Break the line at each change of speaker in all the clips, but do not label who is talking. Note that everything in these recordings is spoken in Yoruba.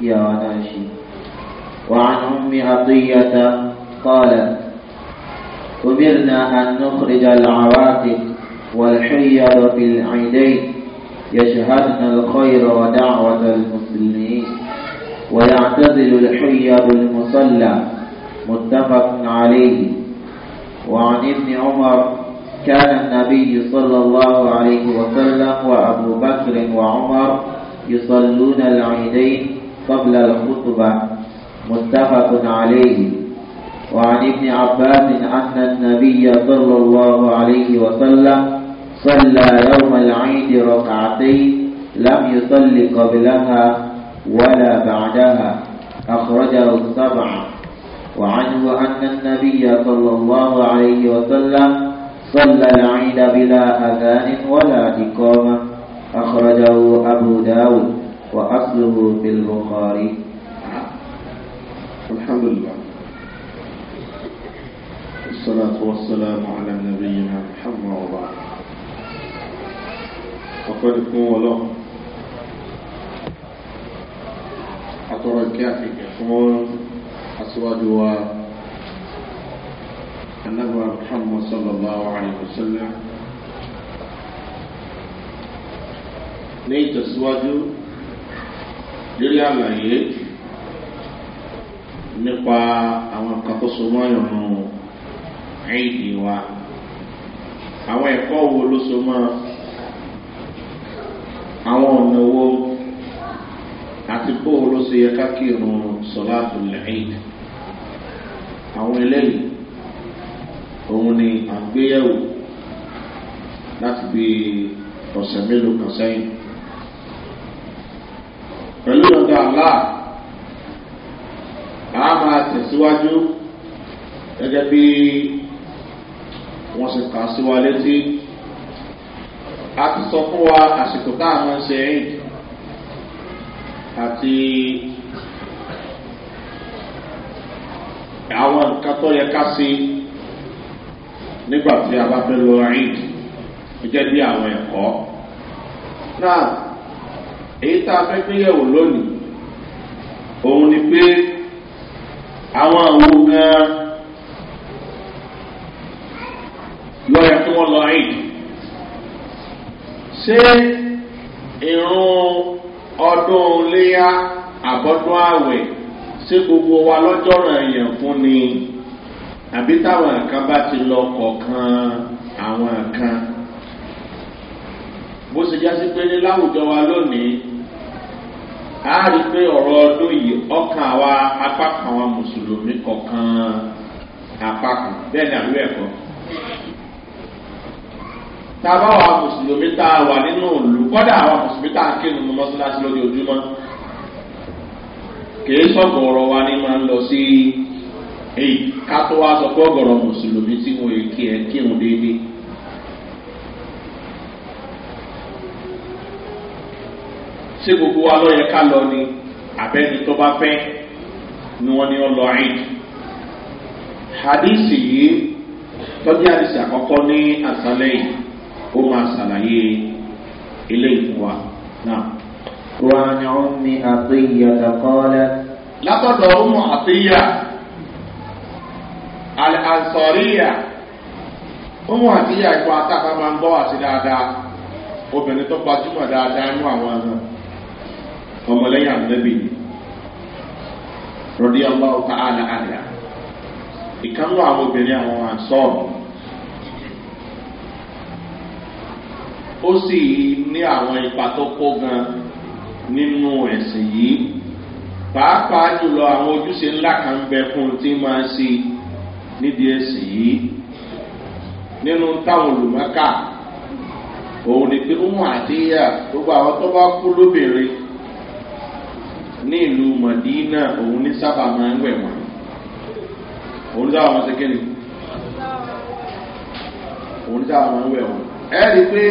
يا ناشي وعن أم عطية قالت أمرنا أن نخرج العواتق والحيض في العيدين يشهدن الخير ودعوة المسلمين ويعتزل الحيض المصلى متفق عليه وعن ابن عمر كان النبي صلى الله عليه وسلم وأبو بكر وعمر يصلون العيدين قبل الخطبة متفق عليه وعن ابن عباس أن النبي صلى الله عليه وسلم صلى يوم العيد ركعتين لم يصل قبلها ولا بعدها أخرجه السبعة وعنه أن النبي صلى الله عليه وسلم صلى العيد بلا أذان ولا إقامة أخرجه أبو داود وأصله في البخاري
الحمد لله والصلاة والسلام على نبينا محمد آله وصحبه كون ولو أتركاتك كون أسواجها anábà muhammad sallallahu alayhi wa sallam ní ìtẹ̀síwájú lórí àlàyé nípa àwọn kàkóso mọ́yọ̀nù ẹ̀yìn wa àwọn ẹ̀kọ́ wo ló so mọ́ àwọn ọ̀nà wo àti bóòlù sí yẹ ká kírun sọ̀lá àtúnlẹ̀ ẹ̀yìn àwọn eléyìí òun ni àgbéyẹ̀wò láti bí ọ̀sẹ̀ mélòó kan sẹ́yìn. pẹ̀lú ọ̀dọ̀ àlá a máa tẹ̀síwájú gẹ́gẹ́ bí wọ́n ṣe kà sí wa létí. a ti sọ fún wa àsìkò tá a máa ń ṣe ẹ̀yìn àti àwọn nǹkan tó yẹ ká sí i nígbà tí a bá fẹ́ lọ eid ó jẹ́ bí àwọn ẹ̀kọ́. náà èyí tá a fẹ́ gbéyẹ̀wò lónìí òun ni pé àwọn àwo gan-an lọ́yà tí wọ́n lọ eid ṣé irun ọdún léyà àbọ̀dún àwẹ̀ ṣé gbogbo wa lọ́jọ́ rẹ̀ yẹn fún ni àbí táwọn kan bá ti lọ kọ̀ọ̀kan àwọn kan bó ṣe jásí pé ní láwùjọ wa lónìí a rí pé ọ̀rọ̀ ọdún yìí ọkàn àwa apá kan àwọn mùsùlùmí kọ̀ọ̀kan apá kan bẹ́ẹ̀ ni àbúrò ẹ̀kọ́ tàbá wa mùsùlùmí tá a wà nínú òòlù kọ́dà àwa mùsùlùmí tá a kírun ní mọ́ṣáláṣí lójoojúmọ́ kì í sọ̀gbọ̀n ọ̀rọ̀ wa ni máa ń lọ sí. Si tawhid ká tó wá sọ pé ọgọrọ mùsùlùmí tí wọn èké ẹ kírun gbogbo wa ká lọ ni àbẹ́ni ni wọ́n ní ọ lọ ẹ̀yìn. yìí tọ́jú àdìsí ní àṣálẹ́ yìí ó máa ilé ìfúnwa àlànsọ̀ríyà ohun àti ìyá ìpọ̀ àtàkà máa ń gbọ́ àti dáadáa obìnrin tó gbajúmọ̀ dáadáa àwọn ọ̀nà ọmọlẹ́yìn àmọ́lẹ́bí rọ̀dí ala ọ̀tá àlà àlà ìkànnù àwọn obìnrin àwọn àǹsọ́ọ̀rù ó sì ní àwọn ipa tó kó gan nínú ẹ̀sìn yìí pàápàá jùlọ àwọn ojúṣe ńlá kan bẹ fún un tí nídìí ẹ̀sìn yìí nínú táwọn olùmọ́ká òun ni pé ń àdéhà gbogbo àwọn tó bá kú lóbìnrin ní ìlú mọ̀dínà òun ní sábà máa ń wẹ̀ wọ́n òun ní sábà máa ń ṣe kéde òun ní sábà máa ń wẹ̀ wọ́n ẹ rí i pé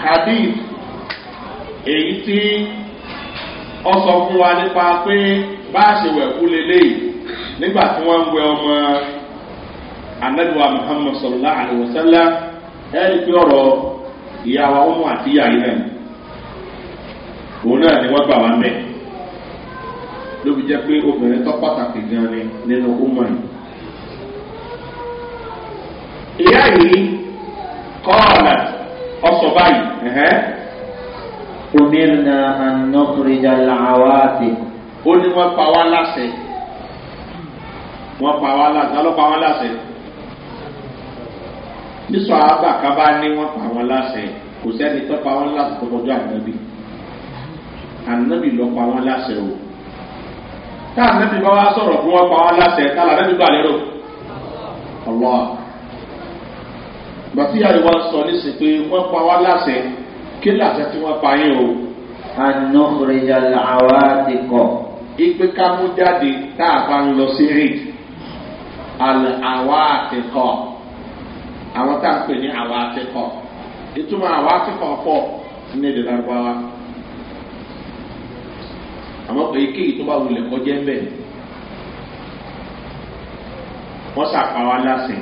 hadith èyí tí ọ sọ fún wa nípa pé bá a ṣe wẹ̀ kú lélẹ́yìí nígbà tí wọ́n ń wẹ ọmọ anabiwa muhammad sallallahu alayhi wa sallam ẹni pé ọ̀rọ̀ ìyàwó ọmọ àti ìyá yìí náà òun náà ni wọ́n gbà wá mẹ́ ló fi jẹ́ pé obìnrin tó pàtàkì gan ni nínú ọmọ yìí. ìyá yìí kọ́ọ̀lá ọ̀sọ̀ báyìí omirna anọkùnrin jà làwọn àti. ó ní wọ́n pa wá láṣẹ wọ́n pa wá láṣẹ wọ́n pa wá láṣẹ nísọ àbá kábá ní wọ́n pa wọ́n láṣẹ kò sẹ́ni tó pa wọ́n láṣẹ tó kọjú ànábì ànábì lọ pa wọ́n láṣẹ o tá ànábì bá wá sọ̀rọ̀ fún wọ́n pa wọ́n láṣẹ tá ànábì gbà lérò ọlọ́ bàtí àríwá sọ nísìnyí pé wọ́n pa wọ́n láṣẹ kí làṣẹ tí wọ́n pa yín o. anọ́kùnrin yàrá àwa ti kọ̀. ipe ká mú jáde tá a bá ń lọ sí rìd àwa àkẹ́kọ̀ àwọn tá à ń pè ní àwa àkẹ́kọ̀ ìtumọ̀ àwa àkẹ́kọ̀ pọ̀ ní èdè lárúbáwá àmọ́ pé kéyìí tó bá wulẹ̀ kọjá ń bẹ̀ wọ́n ṣàpáwá lásìn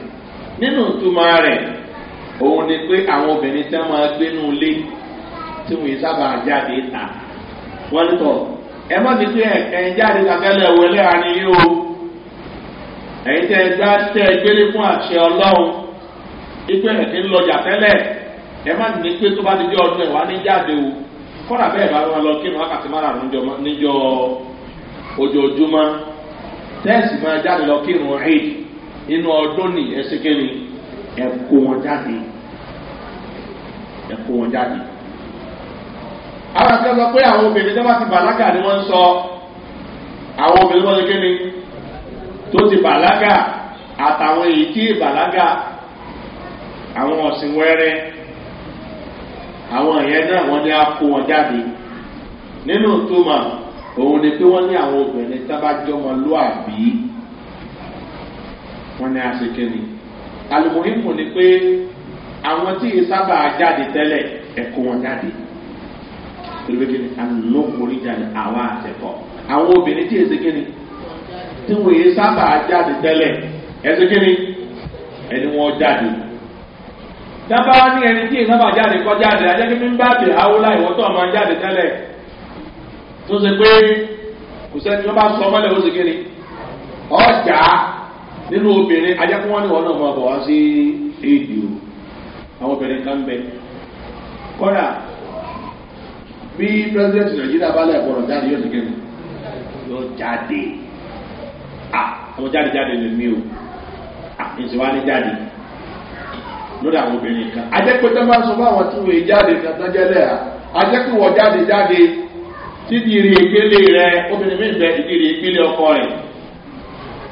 nínú ìtumọ̀ rẹ̀ òun ni pé àwọn obìnrin tẹ́ máa gbénú ilé tí wọ́n yìí sábà jáde ta wọ́n ní tọ̀ ẹ má ti pé ẹ̀ jáde tàbí ẹlẹ́wẹ̀lẹ́ àníyó o. ẹ̀yin tẹ́ ẹ gbá tẹ́ ẹ gbélé fún àṣẹ ọlọ́run ikú ẹ̀ kí ń lọjà tẹ́lẹ̀ ẹ má ní pé tó bá ti jẹ́ ọdún ẹ̀ wá ní jáde o kọ́dà bẹ́ẹ̀ bá wọn lọ kí wọn níjọ ojoojúmọ́ tẹ́ẹ̀sì máa jáde lọ kí ọdún ní tó ti bàlágà àtàwọn èyí tí ìbàlágà àwọn ọ̀sìn wẹ́rẹ́ àwọn ìyẹn náà wọ́n ní á kó wọn jáde nínú túmọ̀ òun ni pé wọ́n ní àwọn obìnrin tábàjọ́mọ lóàbí wọ́n ní asekeni alùpùpù ni pé àwọn tí yìí sábà jáde tẹ́lẹ̀ ẹ̀kọ́ wọn jáde pẹ̀lú pé kí ni alùpùpù jáde àwọn àtẹ̀kọ́ àwọn obìnrin tí yìí sekeni tí wòye sábà jáde tẹ́lẹ̀ ẹsẹ̀ kí ni ẹni wọn jáde. dábà ní ẹni tí ìsábà jáde kọ́ jáde ajẹ́kí mi bá bè haúlá ìwọ́tọ̀ máa jáde tẹ́lẹ̀ tó ṣe pé kò sẹ́ni tó bá sọ mọ́lẹ̀ ó ṣe ni ọjà nínú obìnrin ajẹ́kí wọ́n ní wọn náà bọ̀ wá sí èdè o àwọn obìnrin kan bẹ kọ́dà bí nàìjíríà bá lẹ̀ àwọn jáde jáde lè mí o ǹsẹ̀ wá ní jáde lórí àwọn obìnrin kan ajẹ́pẹ́ tó bá sọ fáwọn tí wọ́n jáde kankan jẹ́lẹ̀ à ajẹ́pẹ́ wọ́n jáde jáde títí rí ìpele rẹ obìnrin mi bẹ ìdí rí ìpele ọkọ rẹ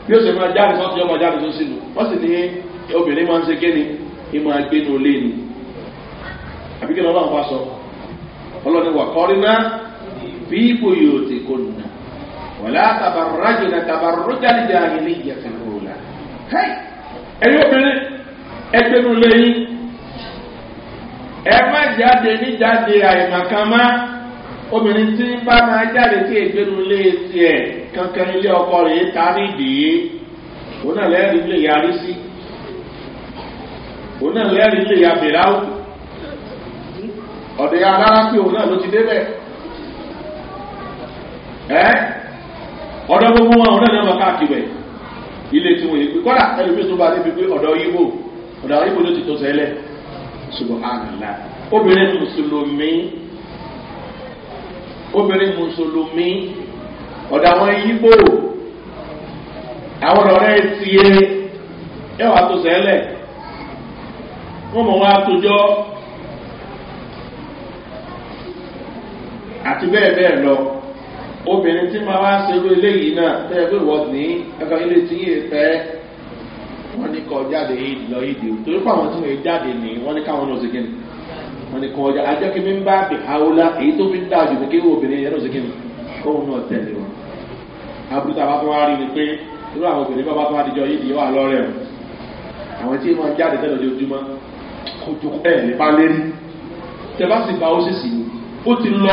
bí ó sì máa jáde sọ́sì ọmọ jáde sọ́sì nù wọ́n sì ní obìnrin máa ń ṣe kéde ní máa gbé ní olé ni àbíkẹ́ ni ọlọ́run bá sọ ọlọ́run wà kọ́rin náà bí ipò yòó ti kó nù náà. wala tabarrajna tabarruja al-jahiliyyati n'i ula ẹ̀yin obìnrin Hey! lẹ́yìn ẹ má jáde níjáde àìmọ̀kànmá obìnrin tí ń bá máa jáde sí ìgbẹ́nu lé tiẹ̀ kankan ilé ọkọ rẹ̀ ta nídìí òun náà lẹ́rìí lè yarí sí òun náà lẹ́rìí lè ya bìráwù ọ̀dẹ̀ alára pé òun náà ló ti débẹ̀ ẹ́. ọ̀dọ́ gbogbo wọn ọ̀dọ́ ní ọmọ káàkiri ẹ̀ ilé tí wọ́n yẹ pé kọ́dà ẹlòmíì tó bá débi pé ọ̀dọ́ ibo ọ̀dọ́ ibo ló ti tó sẹ́lẹ̀ ṣùgbọ́n àgàlà obìnrin mùsùlùmí obìnrin mùsùlùmí ọ̀dọ̀ àwọn ibo àwọn ọ̀rẹ́ tiẹ̀ ẹwà tó sẹ́lẹ̀ wọ́n mọ̀ wá tójọ́ àti bẹ́ẹ̀ bẹ́ẹ̀ lọ obìnrin tí máa wá ṣe irú eléyìí náà tẹ́ ẹ pé wọ́n ní ẹ̀kọ́ ilé tí yìí fẹ́ wọ́n ní kọ́ jáde yìí lọ yìí dìbò torí pé àwọn tí wọ́n jáde ní wọ́n ní káwọn náà ṣe wọ́n ní kọ́ ọjà ajẹ́kí mi ń bá bì haúlá èyí tó fi ń dáa jù kí obìnrin yẹn náà ṣe kóun náà tẹ̀lé wọn. abúlé àbá tó wá rí ni pé irú àwọn obìnrin bá bá tó wá dijọ́ yìí di wà lọ́rẹ̀ o ti lọ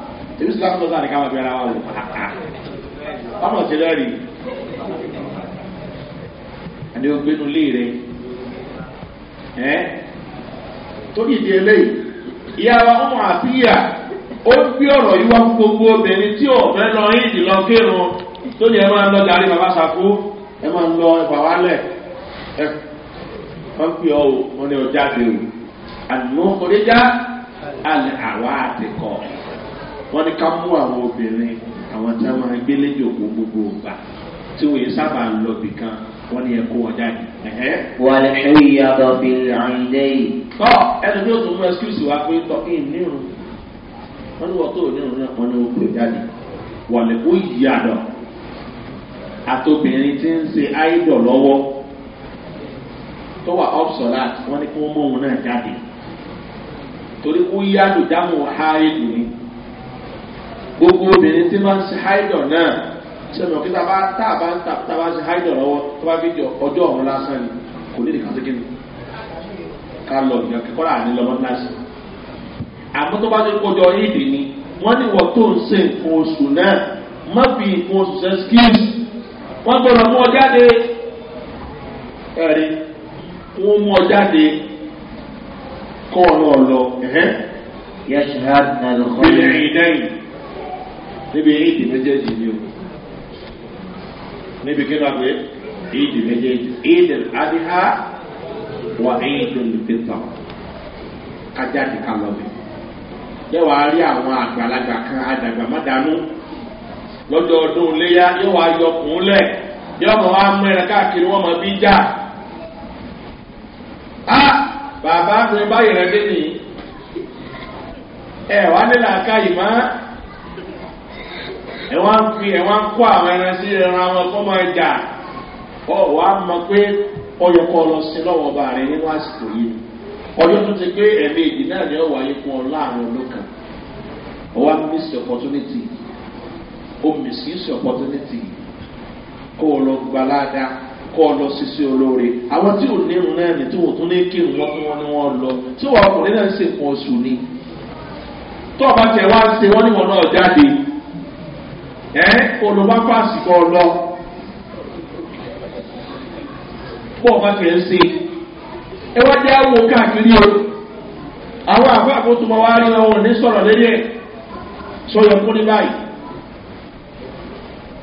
èmi sílá tó sáà ní káwọn ìgbéra wọn wò ọmọ ti lẹ́rì ẹni o gbénu lé rẹ ẹ torí ìdí eléyìí ìyá wa ọmọ àfíyà ó gbé ọ̀rọ̀ yìí wá fún gbogbo obìnrin tí ò fẹ́ lọ yín ìdìlọ kírun tó ní ẹ máa ń lọ darí bàbá sàkó ẹ máa ń lọ ẹ̀fà wálẹ̀ ẹ wọ́n pè ọ́ o wọ́n ní ọjà dé o àdùnnú kò àlẹ́ àwa àti kọ̀ọ̀ wọ́n ní ká mú àwọn obìnrin àwọn tí wọ́n máa ń gbélé jòkó gbogbo ògbà tí wọ́n yẹn sábà ń lọ bìkan wọ́n ní ẹ̀kọ́ wọn jáde. wàlẹ̀ ẹ̀rí yàtọ̀ bí àyíndé yìí. tọ́ ẹni tó tún mú ẹ́síkúùsì wá pé tọ́ kí n nírun wọ́n ní wọ́n tó nírun náà wọ́n ní wọ́n pè jáde wàlẹ̀ ó yàtọ̀ àtobìnrin tí ń se áìdọ̀ lọ́wọ́ tó wà obsolete wọ́n ní kí wọ́n mú ni gbogbo obìnrin tí máa ń ṣe háìdọ̀ náà sẹ́mi ọ̀kí tá a bá ń ta tá a bá ń ṣe háìdọ̀ lọ́wọ́ tó bá fi di ọjọ́ ọ̀run lásán ni kò ní ìdíkan tó kéde ká lọ ìyàn kẹ́kọ́ rà ní lọ́mọ náà sí. àmọ́ tó bá ti kọjọ ìdè ni wọ́n ní wọ́n tó ń ṣe nǹkan oṣù náà má fi nǹkan oṣù ṣe skills wọ́n gbọ́dọ̀ mú ọ jáde ẹ̀rí wọ́n mú ọ jáde kọ́ ọ náà lọ yẹ́sùn níbi ìdì méjèèjì ni o níbi kí náà pé ìdì méjèèjì ìdì adìhá wà ìdì pípa kájáde kálọ̀mì yẹ́wà á rí àwọn àgbàlagbà kan àdàgbà má dànù lọ́dọọdún léyà yẹ́wà á yọ kùnlẹ̀ yọ mọ wá mẹrin káàkiri wọn mọ bí já a bàbá mi báyìí rẹ dé nìyí ẹ wá nílà káyìí má ẹ wá ń fi ẹ wá ń kó àwọn ẹran sí ẹran wọn kó máa jà ọ wá mọ pé ọyọ kọ lọ sí lọwọ ọba rẹ nínú àsìkò yìí ọjọ tó ti pé ẹmí èdè náà ni ó wáyé fún ọ láàrin olókan ọ wá miss opportunity ó miss opportunity kó o lọ gbalada kó o lọ sisi olóore àwọn tí ò nírun náà ni tí wò tún ní kírun wọn tí wọn ní wọn lọ tí wọn ọkùnrin náà ń sèpọn oṣù ni tó o tẹ wá ń wọn ní wọn náà jáde. ẹ olùbá pàṣípọ̀ lọ pọ̀ bá tiẹ̀ ṣe ẹ wá jẹ́ àwọn káàkiri o àwọn àbá àkótó máa wá rí àwọn sọ̀rọ̀ lórí ẹ̀ fún ní báyìí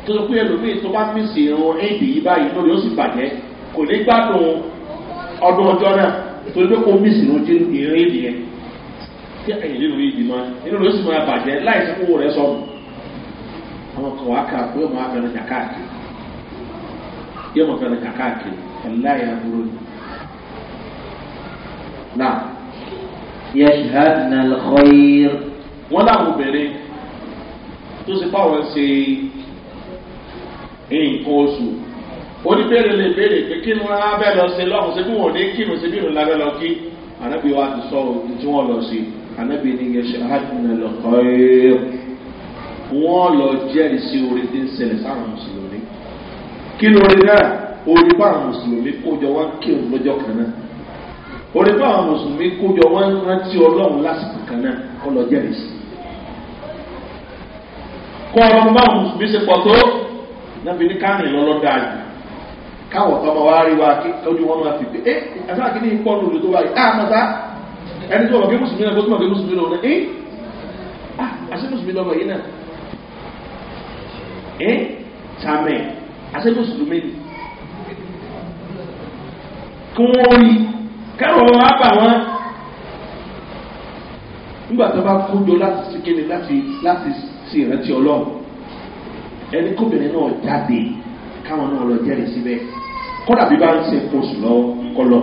tó ẹlòmíì tó bá mísì ìrún yìí báyìí lórí ó sì kò ní gbádùn ọdún náà ìrún yẹn kí nínú nínú sì máa láì àwọn kan wàá kà pé ọmọ abẹ́rẹ́ jà káàkiri yóò mọ̀ abẹ́rẹ́ jà káàkiri ẹ̀lá yà burú ni. Nà yashhad na lkhoir. Wọ́n láwọn obìnrin tó ti pa àwọn ṣe nǹkan oṣù oníbèrè lè béèrè pé kí ni wọ́n á bẹ́ẹ̀ lọ sí lọ́hùn sí bí wọ́n ò ní kí ìrùsí bí ìrùn lọ kí ànábì wa ti sọ ohun tí lọ sí ànábì ni yashhad na lkhoir. wọ́n lọ jẹ́rìí sí tí ń ṣẹlẹ̀ sáwọn mùsùlùmí kí ni orí náà orí bá àwọn mùsùlùmí kójọ wá kírun lọ́jọ́ kan náà orí bá àwọn mùsùlùmí kójọ wá rántí ọlọ́run lásìkò kan náà kọ́ lọ jẹ́rìí kọ́ ọlọ́run bá àwọn mùsùlùmí ṣe pọ̀ tó nàbí ní lọ́lọ́dà jù káwọ̀ rí wa kí ojú wọn máa fi pé ẹ eh, àtàwọn ah, ẹni tó mùsùlùmí ẹ́ eh? sàmẹ̀ àṣẹ mùsùlùmí ni kí wọ́n rí kẹ́rọ wá bà wọ́n nígbà tó bá kójọ láti sí kéde láti láti sí ìrántí ọlọ́run ẹni kóbìnrin náà jáde káwọn náà lọ jẹ́rìí síbẹ̀ kódà bí bá ń ṣe kóṣù lọ́wọ́ kọlọ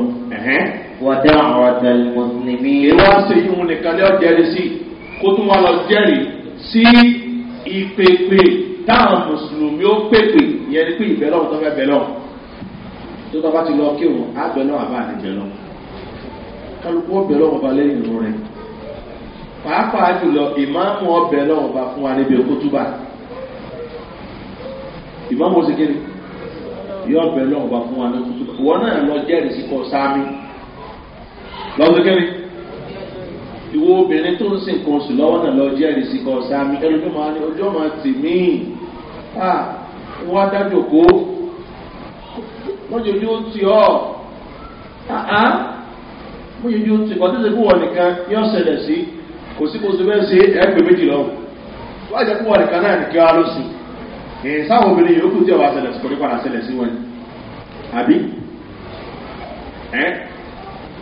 wàdà ọ̀dà mùsùlùmí. ìwà ṣèyí wọn nìkan ní ọ̀jẹ̀rì sí kó tún wà lọ jẹ́rìí sí ìpèpè táwọn mùsùlùmí ó pèpè ìyẹn ni pé ìbẹ̀ lọ́wọ́ tó fẹ́ bẹ̀ lọ́wọ́ tó tọ́ bá ti lọ kí òun á bẹ̀ lọ́wọ́ àbá àdìjẹ lọ kálukú ó bẹ̀ lọ́wọ́ ba lẹ́yìn ìrún rẹ̀ pàápàá jùlọ ìmáàmù ọbẹ̀ lọ́wọ́ ba fún wa níbi òkútúbà ìmáàmù ó sì kéde yóò bẹ lọ́wọ́ bá fún wa ní kútu wọn náà lọ jẹ́rìí sí kọ sáámi lọ́wọ́ kẹ́mi ìwo obìnrin tó ń sìn kan sùn lọ́wọ́ náà lọ jẹ́rìí sí kọ sáámi ẹlòmíì máa ní ọjọ́ máa tì míì àfà wọn adájòkó wọn yóò yóò ti ọ wọn yóò yóò ti kọtí wọn nìkan yóò ṣẹlẹ sí kò sí kò sí bẹ́ẹ̀ ṣe méjì wọn wọn nìkan náà nìkan sí sáwọn obìnrin tí ọba sí padà sí wọn àbí ẹ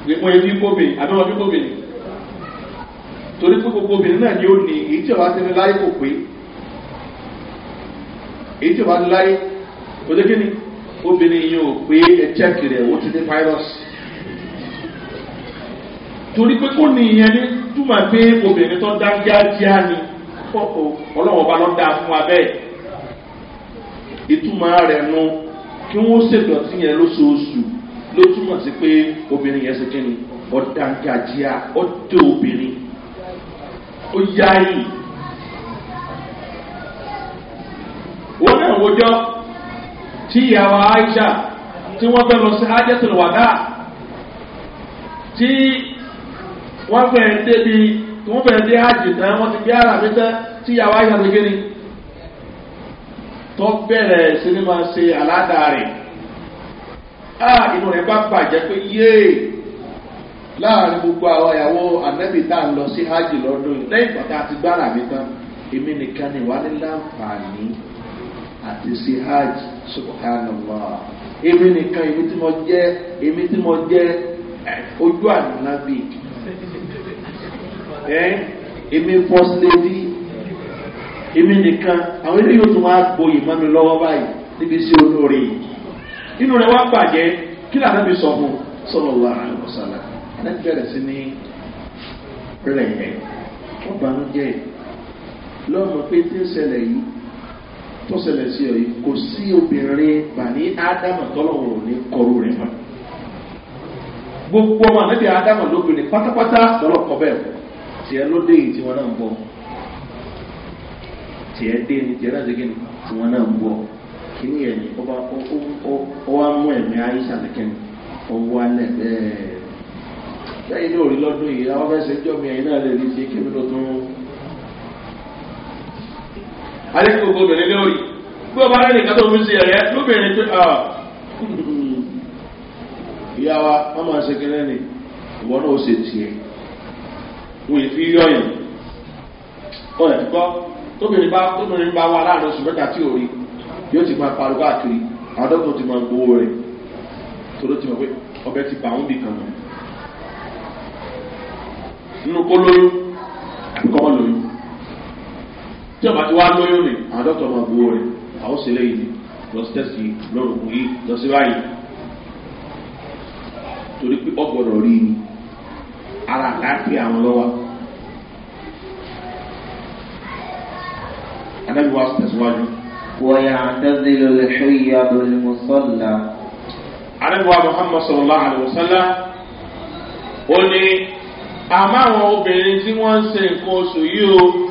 ẹbí àbí wọn bí torí pé náà ni ó ní èyí èyí tí wàá láyé kò dé kíni obìnrin yìí ò pé ẹ̀jẹ̀ kiri ẹ̀wọ́ ti dé fáírọ́ọ̀sì torí pé kó ní ìyẹn ní túmọ̀ pé obìnrin tó dángájíá ni ọlọ́wọ́n bá lọ dáa fún wa bẹ́ẹ̀ ìtumọ̀ rẹ̀ nu kí wọ́n ṣèdọ̀tí yẹn lóṣooṣù ló túmọ̀ sí pé obìnrin yẹn ṣe kíni ọ̀dàǹgájíá ọ̀dẹ̀ obìnrin ó yáyì. wọ́n náà wọjọ́ tí ìyàwó aisha tí wọ́n fẹ́ lọ sí hajjatul wada tí wọ́n fẹ́ débi tí wọ́n fẹ́ dé hajj tán wọ́n ti gbé ara mi tí ìyàwó aisha ti gírí tó bẹ̀rẹ̀ sí ni máa ṣe aládàá rẹ̀ á inú rẹ̀ bá bàjẹ́ pé yéè láàrin gbogbo àwọn ìyàwó ànẹ́bì tá a lọ sí hajj lọ́dún lẹ́yìn pàtàkì gbára mi tán èmi nìkan ni wà ní láǹfààní àti ṣe hajj subhanallah èmi nìkan èmi tí mo jẹ́ èmi tí mo jẹ́ ojú ànábì èmi first lady èmi nìkan àwọn eléyìí ó tún wá gboyè mọ́ mi lọ́wọ́ báyìí níbi iṣẹ́ olóore yìí inú rẹ̀ wá bàjẹ́ kí lànà mi sọ fún sọlọ́wọ́ àrùn ọ̀sálà ẹni bẹ̀rẹ̀ sí ní rẹ̀ yẹn wọ́n bànújẹ́ lọ́mọ pé tí ń ṣẹlẹ̀ yìí tó ṣẹlẹ̀ sí ọ yìí kò sí obìnrin bàní ádámà tọ́lọ́wọ̀ ní kọrú rẹ̀ mọ́ gbogbo ọmọ ànábì ádámà lóbìnrin pátápátá lọ́lọ́kọ bẹ́ẹ̀ fún tiẹ̀ ló dé yìí tí wọ́n náà ń bọ̀ tiẹ̀ dé ni tiẹ̀ náà ṣégin tí wọ́n náà ń bọ̀ kíní ẹ̀ ní ọba ó wá mú ẹ̀mí àyíṣà lẹ́kẹ́ni ọwọ́ alẹ́ bẹ́ẹ̀ lẹ́yìn ní òrí lọ́dún yìí àwọn fẹ́ ṣe jọ́ mi ẹ̀yìn náà lè rí ṣe kébí lọ́dún alẹ́ kí gbogbo obìnrin lórí bí ọba rẹ̀ nìkan tó ń ṣe ẹ̀rẹ́ lóbìnrin pé ah ìyá wa wọ́n máa ṣe kẹ́lẹ́ ni ìwọ náà ó ṣe tiẹ̀ wọ́n yìí fi yọ̀yìn wọ́n yẹ̀ gbọ́ tóbìnrin bá tóbìnrin bá wà láàrin oṣù mẹ́ta tí ò rí yóò ti máa pariwo káàkiri àádọ́gbò ti máa gbowó rẹ̀ tòló ti mọ̀ pé ọbẹ̀ ti bà wọ́n bì kan nù nínú kó lóyún tí ọba ti wá lóyún ni àwọn dọ́kítọ̀ máa gbowó rẹ̀ àwọn sì léyìn ni lọ sí tẹ̀sí lọ́rùn yìí lọ sí báyìí torí pé ọgbọ̀dọ̀ rí ni ara àlàáfíà àwọn lọ́wọ́ anábìwá tẹ̀síwájú. ويعتزل الحي بالمصلى anábìwá muhammad sallallahu alayhi wa sallam ó ní àmọ́ àwọn obìnrin tí wọ́n ń ṣe nǹkan oṣù yìí o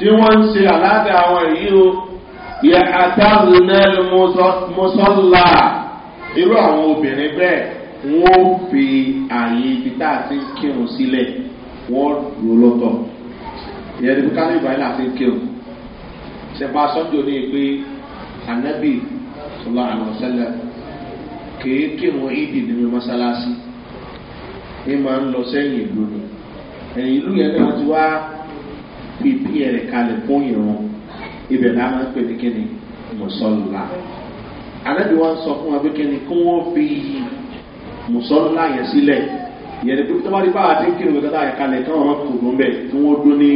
tí wọ́n ń ṣe àládà àwọn yìí o yẹ àtàlùnẹ́l mọ́sọ́lá irú àwọn obìnrin bẹ́ẹ̀ wọ́n fi àyè ibi tá a ti ń kírun sílẹ̀ wọ́n lò lọ́tọ̀ ìyẹn ní kánú ìbáyìí láti ń kírun ṣẹ̀pá sọ́jọ́ ní pé anabi sọlá àlọ́sẹ́lẹ̀ kìí kírun ìdì nínú mọ́sálásí ní máa ń lọ sẹ́yìn ìlú ni ẹ̀yìn ìlú yẹn náà ti wá pípí ẹ̀rẹ̀ kalẹ̀ fún ìrún ibẹ̀ náà máa ń pè ní kíni mùsọ̀lá alábi wa sọ fún wa pé kíni kí wọ́n fi mùsọ̀lá yẹn sílẹ̀ yẹn ni pípí tọ́wárí bá àti kírun kí wọ́n kalẹ̀ kí wọ́n kù ló ń bẹ̀ kí wọ́n dún ní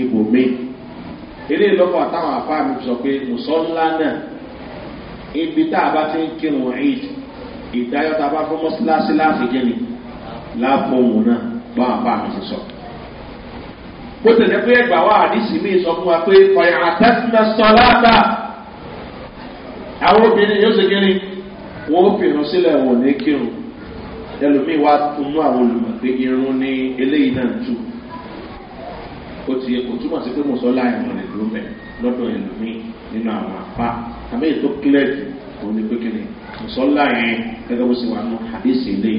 ibò mi eléyìí lọ́kọ̀ àtàwọn afá mi sọ pé mùsọ̀lá náà ibi tá a bá ti ń kírun eid ìdáyọ̀ bá fún mọ́síláṣí láti kíni láàpọ̀ òun náà bá àfá mi ti sọ̀rọ̀ bó tẹ̀lé pé ẹgbàá wa àdìsí mi sọ fún wa pé ọ̀yà àtẹ́sílẹ̀ sọ́láàtà àwọn obìnrin yóò ṣe kiri wọn ó fìràn sílẹ̀ wọ̀ ní kírun ẹlòmíín wá túnú àwọn olùmọ̀ pé irun ní eléyìí náà tù ó ti kò túmọ̀ sí pé mo sọ láì mọ̀ nílùú mẹ́ lọ́dọ̀ ẹlòmíín nínú àwọn apá àmì ètò kílẹ̀dì òun ni pé kiri mo sọ láì gẹ́gẹ́ bó ṣe wà nù àdìsí ilé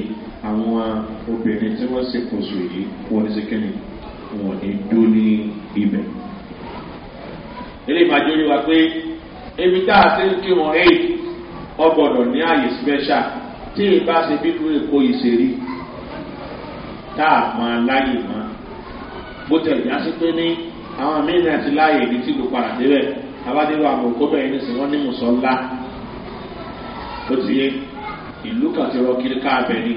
àwọn obìnrin tí wọ́n ṣe kóso yìí wọ́n ní ṣe kiri wọn ni ní dó ní ibẹ̀. ilé ìbàjẹ́ orí wa pé ebi tá a ti ń kí wọn rí ọgbọ̀dọ̀ ní àyè special tí ìbá ṣe bíbú èkó ìṣèrí tá a máa láyè mọ́ bó tẹ̀lé á sí pé ní àwọn míín náà ti láàyè ní tí kò padà débẹ̀ abádébọ̀ àmọ̀kó bẹ̀rẹ̀ ní sìn wọ́n ní mùsọ̀lá ó ti yé ìlú kan ti rọ kiri káàbẹ̀ ni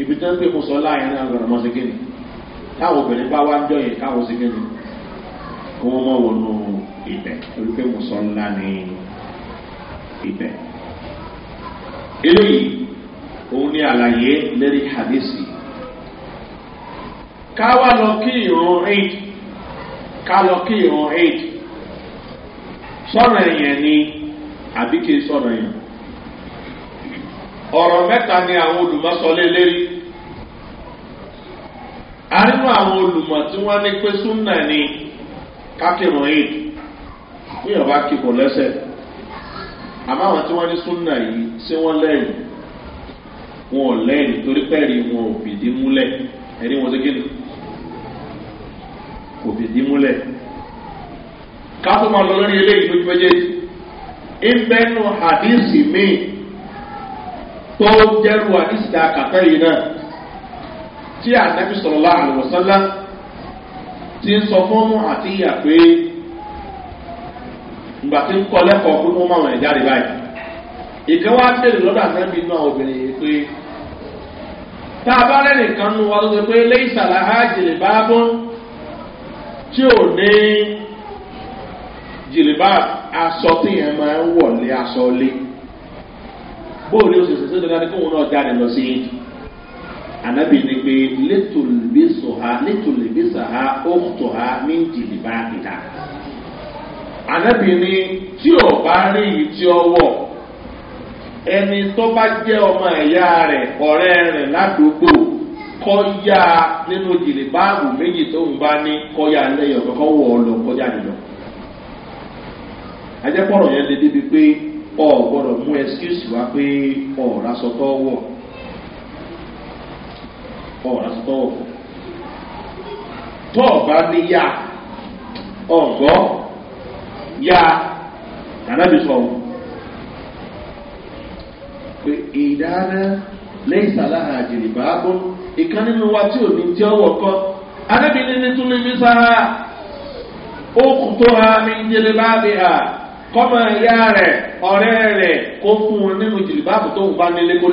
ibi tó ń pè mùsọ̀lá yẹn náà gbọ̀dọ̀ mọ́ sí kéde táwọn obìnrin bá wá ń jọyìn káwọn sí kéde kí wọ́n mọ̀ wọnú ibẹ̀ torí pé mo sọ ńlá ní ibẹ̀. eléyìí òun ni àlàyé lérí hadisi ká wá lọ kí ìrún eid ká lọ kí ìrún eid sọ̀rọ̀ ẹ̀yẹn ni àbí kì sọ̀rọ̀ ẹ̀yẹn ọ̀rọ̀ mẹ́ta ni àwọn olùmọ̀sọ́lé lérí àrínú àwọn olùmọ̀ tí wọ́n ní pé súnà ni kákìrún eid bí ọba kìkò lẹ́sẹ̀ àmọ́ àwọn tí wọ́n ní súnà yìí sí wọ́n lẹ́yìn wọn ò lẹ́yìn torí pẹ́ẹ́rì wọn ò fìdí múlẹ̀ ẹni wọn tó kíni kò fìdí múlẹ̀ kátó máa lọ lórí eléyìí lójú méjèèjì ìbẹ́nu àdísì míì tó jẹ́rù àdísì dá kàtẹ́yìn náà tí ànábi sọ̀rọ̀ láàrin wọ̀sánlá ti ń sọ fún ọmọ àti ìyà pé ìgbà tí ń kọ́ lẹ́kọ̀ọ́ pé wọ́n máa wọ̀nyí jáde báyìí. ìkan wá tẹ̀lé lọ́dọ̀ ànábi náà obìnrin yìí pé tá a bá rẹ́rìn kan nu wa tó ṣe pé lẹ́yìn sàlàhà jìlì bá bọ́ tí ò ní jìlì bá aṣọ tí yẹn máa ń wọ̀ lé aṣọ lé bóòlù oṣù tó ṣe tó dáadáa kóun náà jáde lọ sí yìí anabi ni pé létòlébísàá òkùtòhá ní jìlìbá ìhà anabi ni tí ò bá rí yìí tí ó wọ̀ ẹni tó bá jẹ́ ọmọ ẹ̀yà rẹ̀ ọ̀rẹ́ rẹ̀ ládùúgbò kọ́yà nínú jìlìbáàbù méjì tó ń bá ní kọ́yà lẹ́yìn ọ̀kọ́kọ́ wọ̀ ọ́ lọ kọ́yà nìlọ. ajẹ́pọ̀rọ̀ yẹn lè débi pé ọ̀ gbọ́dọ̀ mú ẹ́síkúsì wá pé ọ̀rá sọtọ́ wọ̀. ọ̀rá stọ́ọ̀fù tọ́ọ̀bá ní yá ya yá ànábìsọ̀ pé ìdáná lẹ́yìn àjèrè báàbọ̀ ìkan nínú wa tí ò ní tí ọwọ́ kọ́ anábìnrin ní tún ní ó kù tó ha mi ń jẹlé báàbí ha kọ́mọ ìyá rẹ̀ ọ̀rẹ́ rẹ̀ kó fún un nínú jìlìbáàbù tó ń bá nílé kó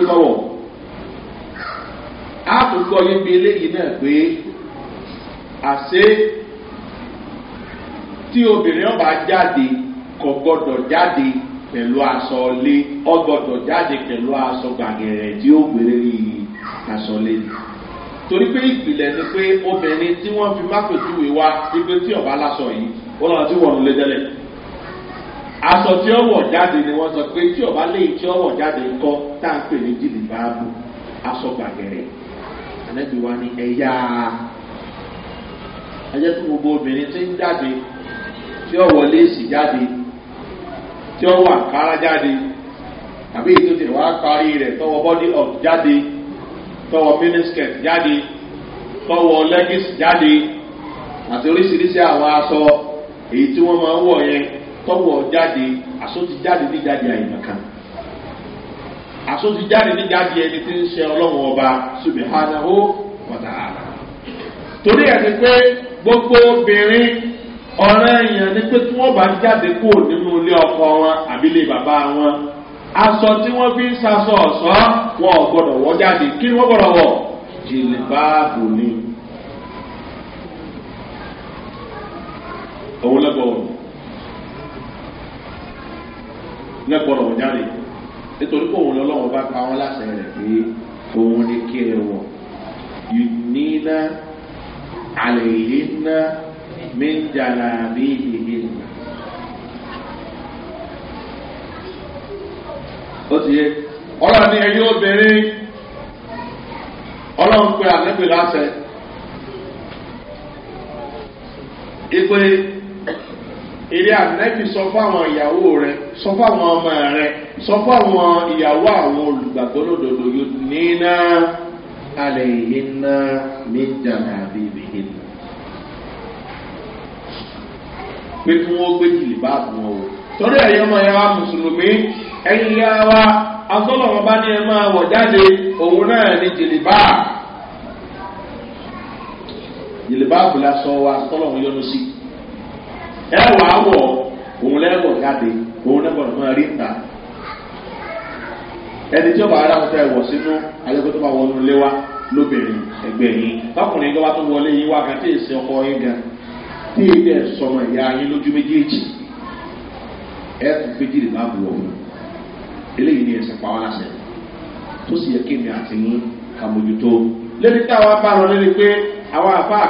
àtúgbọ́ yín bí eléyìí náà pé àṣé tí obìnrin ọba jáde kò gbọdọ̀ jáde pẹ̀lú aṣọ lé ọgbọdọ̀ jáde pẹ̀lú aṣọ gbàgẹ̀rẹ̀ tí ó gbèrè aṣọ lé torí pé ìpìlẹ̀ ni pé obìnrin tí wọ́n fi mákòjúwe wá ipe tí ọba lásọ yìí wọ́n lọ́nà tí wọ́n lè tẹ́lẹ̀ aṣọ tí ó wọ̀ jáde ni wọ́n sọ pé tí ọba léyìí tí ó wọ̀ jáde ń kọ́ tá à ń pè ní jìnnì báàbù aṣọ gbàgẹ̀rẹ̀ ànábì wa ni ẹ̀yà ajẹ́ tó gbogbo obìnrin tí ń jáde tí ó wọlé èsì jáde tí ó wà kára jáde àbí èyí tó ti wá parí rẹ̀ tọwọ́ body of jáde tọwọ́ minisket jáde tọwọ́ legis jáde àti oríṣiríṣi àwọn aṣọ èyí tí wọ́n máa ń wọ̀ yẹn tọwọ́ jáde àsọ ti jáde ní jáde àyè nìkan àsosíjáde níjáde ẹni tí ń ṣe ọlọ́wọ́ ọba subhanahu wa ta'ala. torí ẹ̀ ni pé gbogbo obìnrin ọ̀rẹ́ èèyàn ni pé tí wọ́n bá jáde kúrò nínú ilé ọkọ wọn àbí ilé bàbá wọn aṣọ tí wọ́n fi ń saṣọ ọ̀ṣọ́ wọn ò gbọ́dọ̀ wọ́ jáde kí ni wọ́n gbọ́dọ̀ wọ̀ jìlìbáàbò ni. òun lẹ́gbọ̀ọ́ lẹ́gbọ̀ọ́ lọ́wọ́ jáde nítorí pé òun lọ́lọ́run bá pa wọ́n láṣẹ rẹ̀ pé òun ni kí ẹ wọ̀ yìnyínná àlèyínná méjàlá bí ìhìnnà. ó ti yé ọlọ́run ní ẹyẹ obìnrin ọlọ́run pé àgbẹ̀gbẹ̀ láṣẹ ìpè ilé àgbẹ̀gbẹ̀ sọ fún àwọn ìyàwó rẹ sọ fún àwọn ọmọ rẹ sọ fún àwọn ìyàwó àwọn olùgbàgbọ́ lòdòdò yóò níná alẹ́ yìí ná méjàlá àbí ìbèké nù. pé kí wọ́n gbé jìlì bá bù wọn o. torí ẹ̀yọ́ máa yá wa mùsùlùmí ẹ̀yìn yá wa asọ́lọ́wọ́n bá ní ẹ máa wọ̀ jáde òun náà ní jìlì bá. jìlì bá bù lásọ wa asọ́lọ́wọ́n yọnu sí.
ẹ wàá wọ̀
òun lẹ́wọ̀ jáde òun lẹ́wọ̀ máa rí ta. ẹni tí ó bá rà ọtọ ẹ̀wọ̀ sínú ayẹ́kọ́ tó bá wọnú ilé wa lóbìnrin ẹgbẹ́ yìí bákùnrin bá tó wọlé wá kan tí ọkọ yín gan tí sọmọ ìyá yín lójú méjèèjì ẹ tún lè má bu ọ̀hún eléyìí ni tó sì yẹ àti yín ká mójútó lẹ́ni tí lọ lẹ́ni pé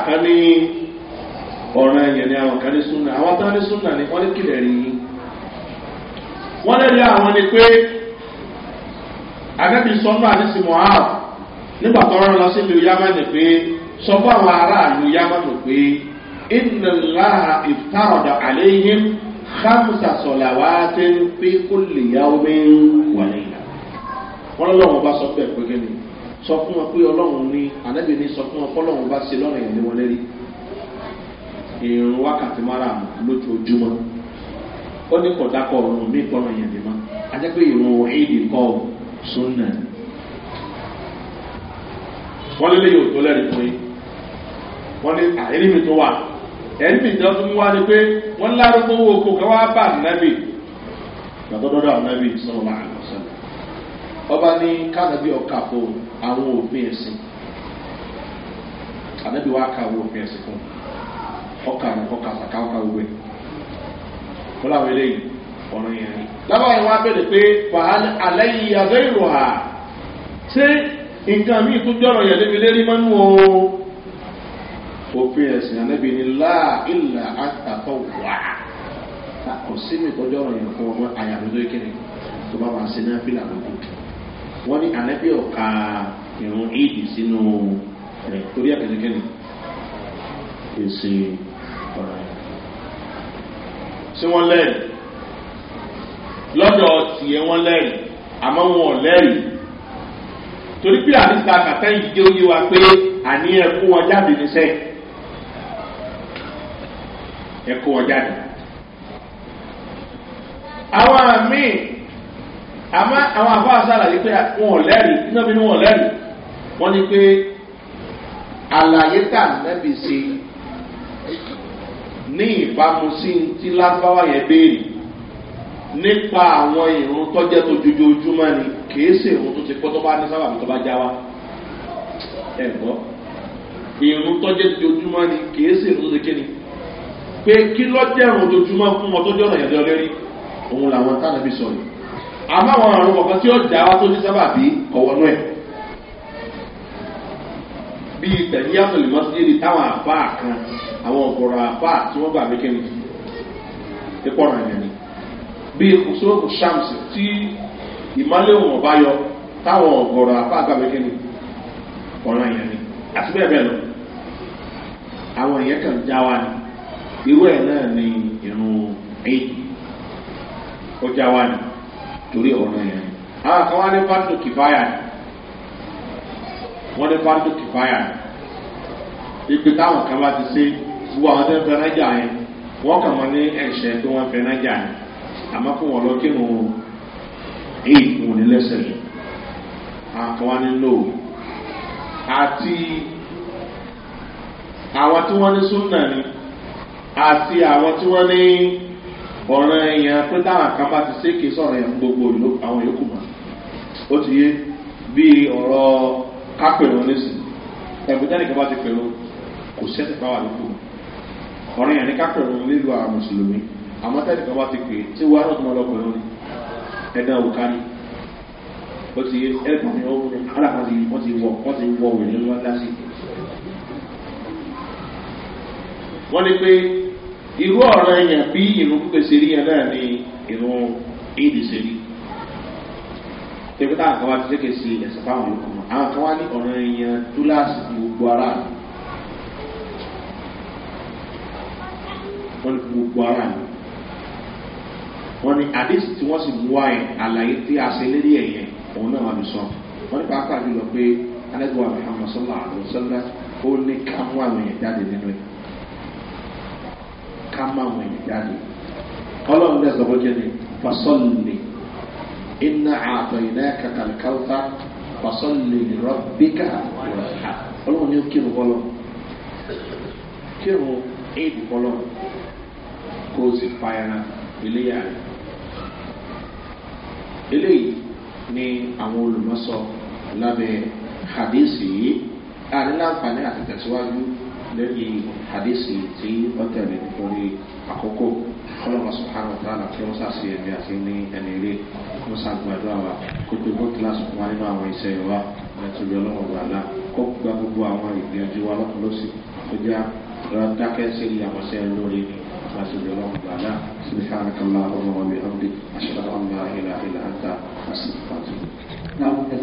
kan ní ọ̀ràn ni anábì sọ́nà àdísì mohamed nígbà tó rán lọ sílùú yamani pé sọ fún àwọn aráàlú yamani pé ìnìlára ìfárọ̀dà àléhìn hamsa sọ̀làwá ti ń pé kó lè yá omi wà nílà wọn lọ́wọ́ bá sọ bẹ́ẹ̀ pé kí ni sọ fún wọn pé ọlọ́run ní anábì ní sọ fún wọn fọlọ́run bá ṣe lọ́rùn ìyẹn ní wọn lérí ìrún wákàtí márùn lójoojúmọ́ ó ní kọ̀dákọ̀ ọ̀run mí kọ́ràn yẹn ní ma ajẹ́ pé ìrún èdè kọ́ sunna wọ́n lé léyìn òtó lẹ́rìí pé wọ́n ní àìrí tó wà ẹ̀rí mi tó tún wá ni pé wọ́n lárúgbó owó oko kan bá ànábì lọ́dọ́dọ́dọ́ ànábì sọ̀rọ̀ máa lọ sọ́nà ọba ní kánàbí ọkà fún àwọn òfin ẹ̀sìn wá àwọn òfin ẹ̀sìn fún ọkà ọ̀rọ̀ yẹn ni. lábàáyé wọn á pé wàhálà alẹ́ yìí abẹ́ ìrò hà ṣé nǹkan míì tó jọ̀rọ̀ yẹn lébi lérí mọ́nú o. òfin ẹ̀sìn ànábì ni láà ìlà àtàkọ wà kò sí mi tọ́jú ọ̀rọ̀ yẹn fún ọmọ àyàlódó kíni tó bá máa ṣe ní àfílà lóko. wọ́n ní ànábì ọ̀ka ìrún éèdì sínú rẹ̀ torí àkẹ́kẹ́ni èsì ọ̀rọ̀ yẹn. sí wọ́n lẹ́yìn lọ́dọ̀ tiẹ̀ wọ́n lẹ́rìí àmọ́ wọn ò lẹ́rìí torí pé àdìsí àkàtẹ́yìn jẹ́ oyé wa pé àní ẹ̀kú wọn jáde níṣẹ́ ẹ̀kú wọn jáde. àwọn àmì àmọ́ àwọn àbá sàlàyé pé wọn ò lẹ́rìí iná bí wọn ò lẹ́rìí wọ́n ní pé àlàyé tà nẹ́bi ṣe ní ìbámu sí ti lágbáwá yẹn béèrè nípa àwọn ìrún tó jẹ́ tó jojoojúmọ́ ni kìí ṣe ìrún tó ti pọ́ tó bá ní sábàbí tó bá já wa ẹ̀ gbọ́ ìrún tó jẹ́ jojoojúmọ́ ni kìí ṣe ìrún tó ti kéde pé kí ló jẹ́ ìrún jojoojúmọ́ fún wọn tó jẹ́ ọ̀nà ìyàdọ́ lérí òun làwọn tánà fi sọ̀rọ̀ àmọ́ àwọn àrùn kọ̀ọ̀kan tí ó já wa tó ní sábàbí ọ̀wọ́nú ẹ̀ bíi tẹ̀yíyàtọ̀ lè mọ́ sí ẹni táwọn àfáà kan àwọn bíi kòsóòkò sàmùsì tí ìmọ̀lẹ́ òun ọ̀bá yọ táwọn ọ̀gọ̀rọ̀ apá àgbàbẹ́kẹ́ ni ọ̀ràn yẹn ni àti bẹ́ẹ̀ bẹ́ẹ̀ lọ àwọn èèyàn kan já wa ni irú ẹ̀ náà ni irun ẹ̀yìn ó já wa ni torí ọ̀ràn yẹn ni àwọn kan wá ní pàtó kìfáyà ni wọ́n ní pàtó kìfáyà ni ipe táwọn kan bá ti ṣe gbogbo àwọn tó ń fẹ́ nájà yẹn wọ́n kàn wọ́n ní ẹ̀ṣẹ̀ tó wọ́n fẹ́ nájà yẹn àmọ́ fún wọn lọ kí wọn èyí fún wọn ní lẹ́sẹ̀ lẹ̀ àkànwá nílò àti àwọn tí wọ́n ní súnà ni àti àwọn tí wọ́n ní ọ̀ràn èèyàn pé táwọn kan bá ti sékè sọ̀rọ̀ yẹn gbogbo àwọn yòókù mọ́ ó ti yé bí ọ̀rọ̀ kápẹ̀rún nísìnyí ẹ̀fọ́jáde kan bá ti pẹ̀rún kò sẹ́sẹ̀ bá wà ọ̀ràn yẹn ní kápẹ̀rún nílùú àwọn mùsùlùmí àmọ́ tẹ́lẹ̀ kan bá ti pè é tí wàá náà tó máa lọ́kùnrin ni ẹ̀dá òkà ni ó ti ẹ̀kọ́ ni ó ní alákan ti wọ́n ti wọ wọ́n ti wọ òwe nínú wáńdá sí. wọ́n ní pé irú ọ̀rọ̀ ẹ̀yàn bí ìrún pèsè rí yẹn náà ni ìrún ṣe rí tẹ̀pẹ́ táwọn ti ṣẹ́kẹ̀ sí ẹ̀sìn fáwọn yòókù àwọn kan wá ní ọ̀rọ̀ ẹ̀yàn túláàsì gbogbo aráàlú wọ́n ní gbogbo aráàlú wọ́n ní àdéhùn tí wọ́n sì mú wá yẹn àlàyé tí a ṣe lérí ẹ̀ yẹn òun náà wà ní sọ wọ́n ní pàápàá jùlọ pé alẹ́gbẹ̀wá muhammad sallallahu alayhi wa sallam ó ní ká mú àwọn èèyàn jáde nínú ẹ̀ ká mú àwọn èèyàn jáde ọlọ́run bẹ́ẹ̀ sọ̀rọ̀ jẹ́ ni fasọ́lì iná àtọ̀ iná kàkàlìkàwùtà fasọ́lì rọ́bíkà ọlọ́run ní kírun bọ́lọ́ kírun éèdì bọ́lọ́ kó o sì fa ẹran iléyà rẹ̀ eléyìí ni àwọn olùmọ̀sọ lábẹ́ hadisi yìí àríláǹfààní àti tẹ̀síwájú lẹ́yìn hadisi tí ó tẹ̀lé nítorí àkókò kọlọ́mọ sọ̀hánù tààlà tí wọ́n sàṣe ẹ̀mí àti ní ẹni ilé wọ́n sàgbàdo àwa kó pé bó kíláàsì fún wa nínú àwọn iṣẹ́ wa ẹ̀tọ́jú ọlọ́wọ́ gbàlá kó gba gbogbo àwọn ìgbìyànjú wa lọ́kùnlọ́sì tó já dákẹ́ sí àwọn lórí ni ما سبحانه لنا سبحانك اللهم وبحمدك أشهد أن لا إله
إلا أنت أستغفرك نعم